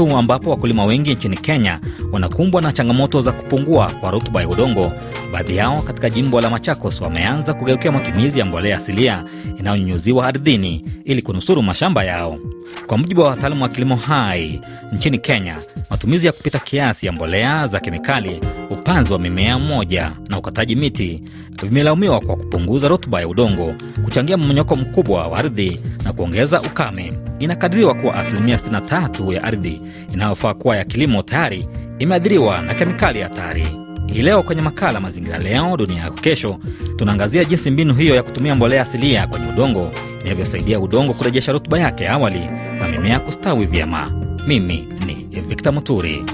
huu ambapo wakulima wengi nchini Kenya wanakumbwa na changamoto za kupungua kwa rutuba ya udongo. Baadhi yao katika jimbo la Machakos wameanza kugeukia matumizi ya mbolea asilia inayonyunyuziwa ardhini ili kunusuru mashamba yao. Kwa mujibu wa wataalamu wa kilimo hai nchini Kenya, matumizi ya kupita kiasi ya mbolea za kemikali, upanzi wa mimea moja na ukataji miti vimelaumiwa kwa kupunguza rutuba ya udongo, kuchangia mmonyoko mkubwa wa ardhi na kuongeza ukame. Inakadiriwa kuwa asilimia 63 ya ardhi inayofaa kuwa ya kilimo tayari imeathiriwa na kemikali hatari. Hii leo kwenye makala Mazingira Leo Dunia Yako Kesho, tunaangazia jinsi mbinu hiyo ya kutumia mbolea asilia kwenye udongo inavyosaidia udongo kurejesha rutuba yake awali na mimea kustawi vyema. Mimi ni Victor Muturi.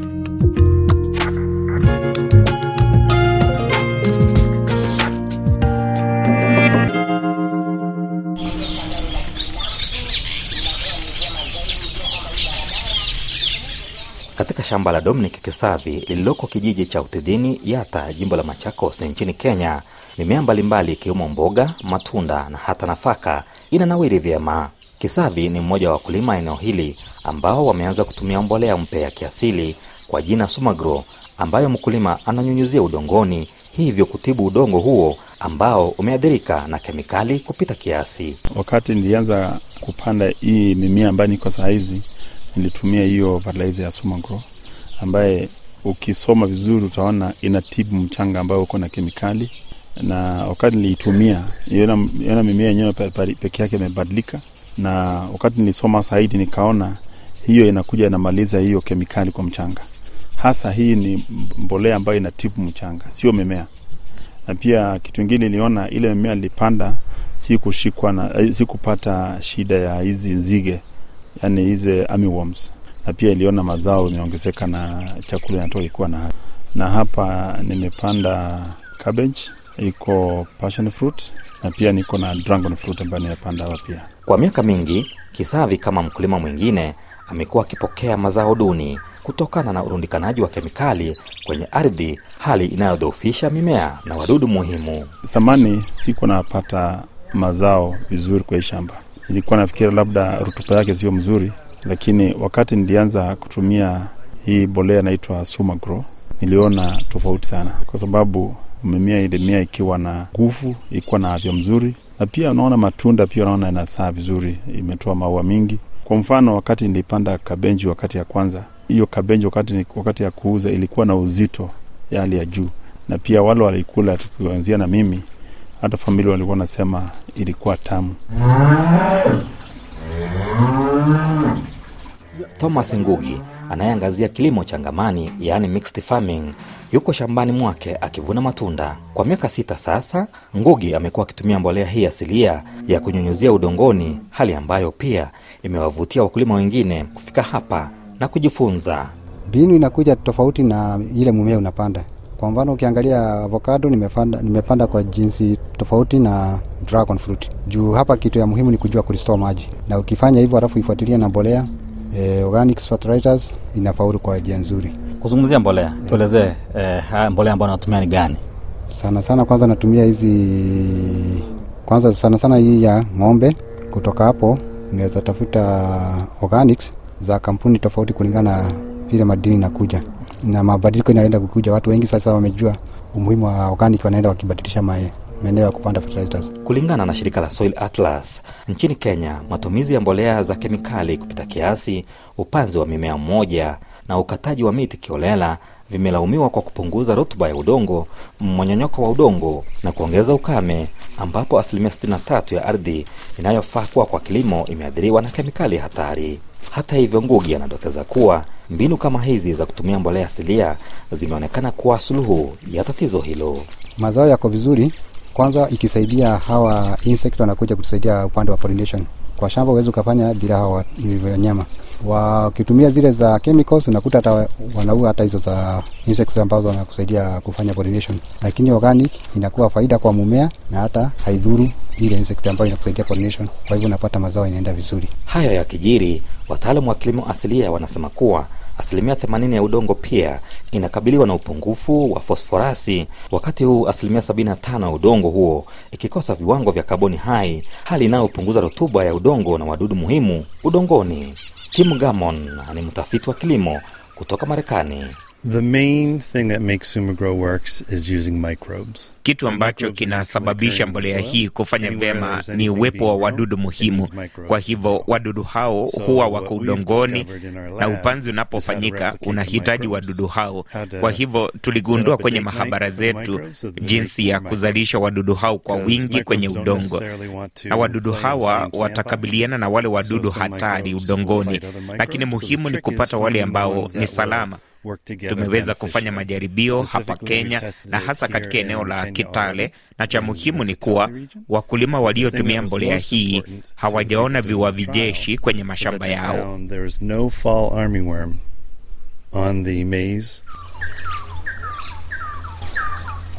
shamba la Dominic Kisavi lililoko kijiji cha Utidhini, Yata, jimbo la Machakos nchini Kenya, mimea mbalimbali ikiwemo mboga, matunda na hata nafaka inanawiri vyema. Kisavi ni mmoja wa wakulima eneo hili ambao wameanza kutumia mbolea mpya ya kiasili kwa jina Sumagro ambayo mkulima ananyunyuzia udongoni, hivyo kutibu udongo huo ambao umeathirika na kemikali kupita kiasi. Wakati nilianza kupanda hii mimea ambayo niko saa hizi, nilitumia hiyo fertilizer ya Sumagro ambaye ukisoma vizuri utaona inatibu mchanga ambayo uko na kemikali na wakati niliitumia iona mimea yenyewe peke yake imebadilika, na wakati nilisoma zaidi nikaona hiyo inakuja inamaliza hiyo kemikali kwa mchanga. Hasa hii ni mbolea ambayo inatibu mchanga, sio mimea. Na pia kitu ingine niliona ile mimea nilipanda sikushikwa na eh, sikupata shida ya hizi nzige, yani hizi na pia iliona mazao imeongezeka na chakula inatoka ikuwa na na hapa nimepanda cabbage, iko passion fruit na pia niko na dragon fruit ambayo nimepanda hapa pia. Kwa miaka mingi, Kisavi kama mkulima mwingine amekuwa akipokea mazao duni kutokana na urundikanaji wa kemikali kwenye ardhi, hali inayodhoofisha mimea na wadudu muhimu. Zamani siku napata mazao vizuri kwa hii shamba, ilikuwa nafikira labda rutuba yake sio mzuri, lakini wakati nilianza kutumia hii bolea inaitwa Sumagro niliona tofauti sana, kwa sababu mimea ilimia ikiwa na nguvu, ikiwa na afya mzuri, na pia unaona matunda pia unaona inasaa vizuri, imetoa maua mingi. Kwa mfano, wakati nilipanda kabenji wakati ya kwanza, hiyo kabenji wakati, wakati ya kuuza ilikuwa na uzito ya hali ya juu, na pia wale walikula tukianzia na mimi hata familia walikuwa nasema ilikuwa tamu. Thomas Ngugi anayeangazia kilimo changamani, yani mixed farming, yuko shambani mwake akivuna matunda. Kwa miaka sita sasa, Ngugi amekuwa akitumia mbolea hii asilia ya kunyunyuzia udongoni, hali ambayo pia imewavutia wakulima wengine kufika hapa na kujifunza. Mbinu inakuja tofauti na ile mumea unapanda. Kwa mfano ukiangalia avocado nimepanda, nimepanda kwa jinsi tofauti na dragon fruit, juu hapa kitu ya muhimu ni kujua kuristore maji, na ukifanya hivyo alafu ifuatilia na mbolea eh, organic fertilizers inafaulu kwa njia nzuri. Kuzungumzia mbolea, eh. tuelezee eh, haya mbolea ambayo natumia ni gani? Sana sana kwanza natumia hizi kwanza sana sana hii ya ng'ombe. Kutoka hapo niweza tafuta organics za kampuni tofauti kulingana na vile madini inakuja na mabadiliko inaenda kukuja. Watu wengi sasa wamejua umuhimu wa organic, wanaenda wakibadilisha mae maeneo ya kupanda fertilizers. Kulingana na shirika la Soil Atlas nchini Kenya, matumizi ya mbolea za kemikali kupita kiasi, upanzi wa mimea mmoja na ukataji wa miti kiolela vimelaumiwa kwa kupunguza rutuba ya udongo, mmonyonyoko wa udongo na kuongeza ukame, ambapo asilimia 63 ya ardhi inayofaa kuwa kwa kilimo imeathiriwa na kemikali hatari. Hata hivyo, Ngugi anadokeza kuwa mbinu kama hizi za kutumia mbolea asilia zimeonekana kuwa suluhu ya tatizo hilo. Mazao yako vizuri, kwanza ikisaidia hawa insect wanakuja kutusaidia upande wa pollination kwa shamba uwezi ukafanya bila hawa wanyama. Wakitumia zile za chemicals, unakuta hata wanaua hata hizo za insects ambazo wanakusaidia kufanya pollination, lakini organic inakuwa faida kwa mumea na hata haidhuru ile insect ambayo inakusaidia pollination. Kwa hivyo unapata mazao inaenda vizuri. Hayo kijiri wataalamu wa kilimo asilia wanasema kuwa asilimia 80 ya udongo pia inakabiliwa na upungufu wa fosforasi, wakati huu asilimia 75 ya udongo huo ikikosa viwango vya kaboni hai, hali inayopunguza rutuba ya udongo na wadudu muhimu udongoni. Tim gamon ni mtafiti wa kilimo kutoka Marekani. The main thing that makes Sumagrow works is using microbes. Kitu ambacho kinasababisha mbolea hii kufanya vyema ni uwepo wa wadudu muhimu. Kwa hivyo wadudu hao huwa wako udongoni, na upanzi unapofanyika unahitaji wadudu hao. Kwa hivyo tuligundua kwenye mahabara zetu jinsi ya kuzalisha wadudu hao kwa wingi kwenye udongo, na wadudu hawa watakabiliana na wale wadudu hatari udongoni, lakini muhimu ni kupata wale ambao ni salama. Tumeweza kufanya majaribio hapa Kenya na hasa katika eneo la Kitale, na cha muhimu ni kuwa wakulima waliotumia mbolea hii hawajaona viwa vijeshi kwenye mashamba yao.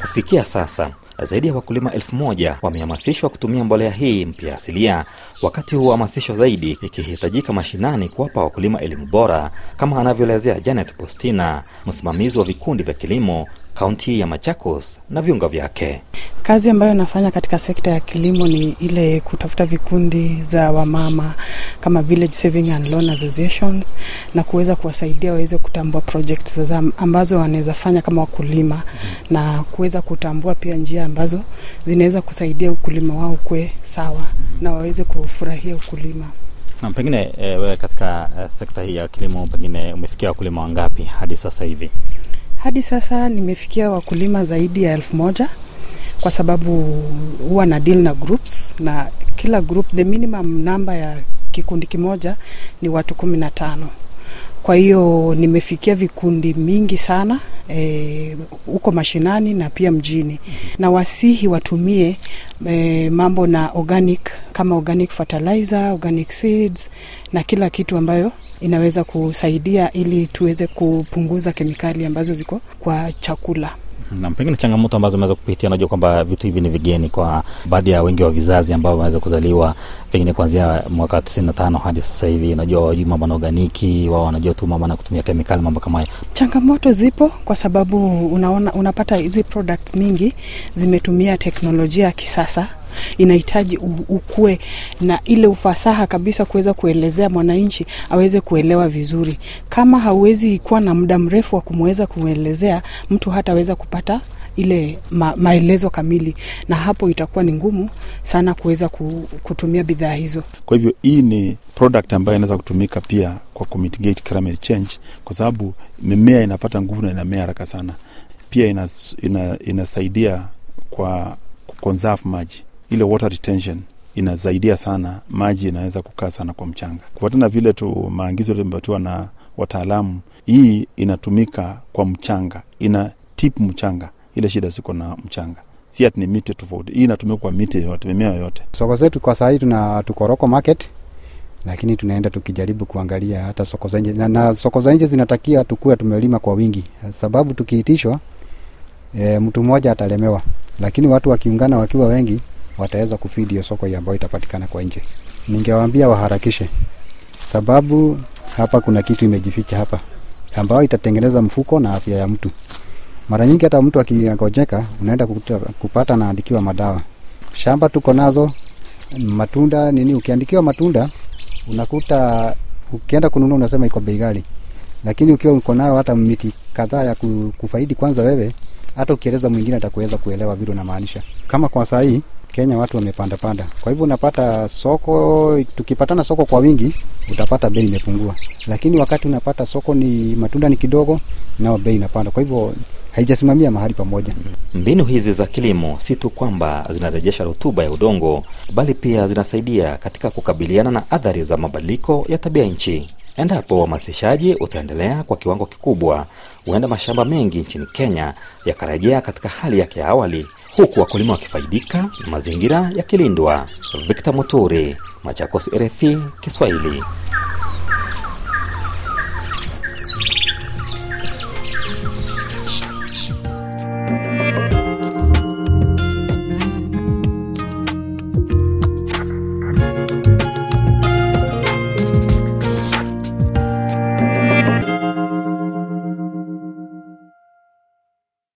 Kufikia sasa zaidi ya wakulima elfu moja wamehamasishwa kutumia mbolea hii mpya asilia, wakati huu hamasisho zaidi ikihitajika mashinani kuwapa wakulima elimu bora, kama anavyoelezea Janet Postina, msimamizi wa vikundi vya kilimo kaunti ya Machakos na viunga vyake. Kazi ambayo nafanya katika sekta ya kilimo ni ile kutafuta vikundi za wamama kama Village Saving and Loan Associations na kuweza kuwasaidia waweze kutambua ambazo wanaweza fanya kama wakulima mm-hmm. na kuweza kutambua pia njia ambazo zinaweza kusaidia ukulima wao kuwe sawa mm-hmm. na waweze kufurahia ukulima. Na pengine e, wewe katika e, sekta hii ya kilimo pengine umefikia wakulima wangapi hadi sasa hivi? Hadi sasa nimefikia wakulima zaidi ya elfu moja kwa sababu huwa na deal na groups na kila group the minimum namba ya kikundi kimoja ni watu kumi na tano. Kwa hiyo nimefikia vikundi mingi sana e, huko e, mashinani na pia mjini mm -hmm. Na wasihi watumie e, mambo na organic kama organic fertilizer, organic seeds na kila kitu ambayo inaweza kusaidia ili tuweze kupunguza kemikali ambazo ziko kwa chakula na pengine changamoto ambazo ameweza kupitia. Najua kwamba vitu hivi ni vigeni kwa baadhi ya wengi wa vizazi ambao wameweza kuzaliwa pengine kuanzia mwaka tano hadi sasa hivi. Najua wajui mambo na oganiki, wao wanajua tu mambo na kutumia kemikali, mambo kama hayo. Changamoto zipo kwa sababu unaona, unapata hizi products mingi zimetumia teknolojia ya kisasa inahitaji ukue na ile ufasaha kabisa kuweza kuelezea mwananchi aweze kuelewa vizuri. Kama hauwezi kuwa na muda mrefu wa kumweza kumwelezea mtu, hataweza kupata ile ma, maelezo kamili, na hapo itakuwa ni ngumu sana kuweza kutumia bidhaa hizo. Kwa hivyo hii ni product ambayo inaweza kutumika pia kwa kumitigate climate change, kwa sababu mimea inapata nguvu na inamea haraka sana. Pia inas, ina, inasaidia kwa kuconserve maji ile water retention inazaidia sana, maji inaweza kukaa sana kwa mchanga. Kufuatana vile tu maangizo yaliyopatiwa na wataalamu, hii inatumika kwa mchanga, ina tip mchanga ile shida ziko na mchanga si ati ni miti tofauti. Hii inatumika kwa miti yote, mimea yoyote Soko zetu kwa sahii tuna tukoroko market, lakini tunaenda tukijaribu kuangalia hata soko za nje na, na soko za nje zinatakia tukuwa tumelima kwa wingi, sababu tukiitishwa e, mtu mmoja atalemewa, lakini watu wakiungana wakiwa wengi wataweza kufidi hiyo soko ambayo itapatikana kwa nje. Ningewaambia waharakishe, sababu hapa kuna kitu imejificha hapa ambayo itatengeneza mfuko na afya ya mtu. Mara nyingi hata mtu akigojeka, unaenda kupata naandikiwa madawa. Shamba tuko nazo matunda nini, ukiandikiwa matunda unakuta ukienda kununua unasema iko bei ghali, lakini ukiwa uko nayo hata miti kadhaa ya kufaidi kwanza wewe, hata ukieleza mwingine atakuweza kuelewa vile unamaanisha. Kama kwa saa hii Kenya watu wamepandapanda, kwa hivyo unapata soko. Tukipatana soko kwa wingi, utapata bei imepungua, lakini wakati unapata soko ni matunda ni kidogo, nao bei inapanda, kwa hivyo haijasimamia mahali pamoja. Mbinu hizi za kilimo si tu kwamba zinarejesha rutuba ya udongo, bali pia zinasaidia katika kukabiliana na athari za mabadiliko ya tabia nchi. Endapo uhamasishaji utaendelea kwa kiwango kikubwa, huenda mashamba mengi nchini Kenya yakarejea katika hali yake ya awali huku wakulima wakifaidika mazingira yakilindwa. Victor Muturi, Machakos, rf Kiswahili.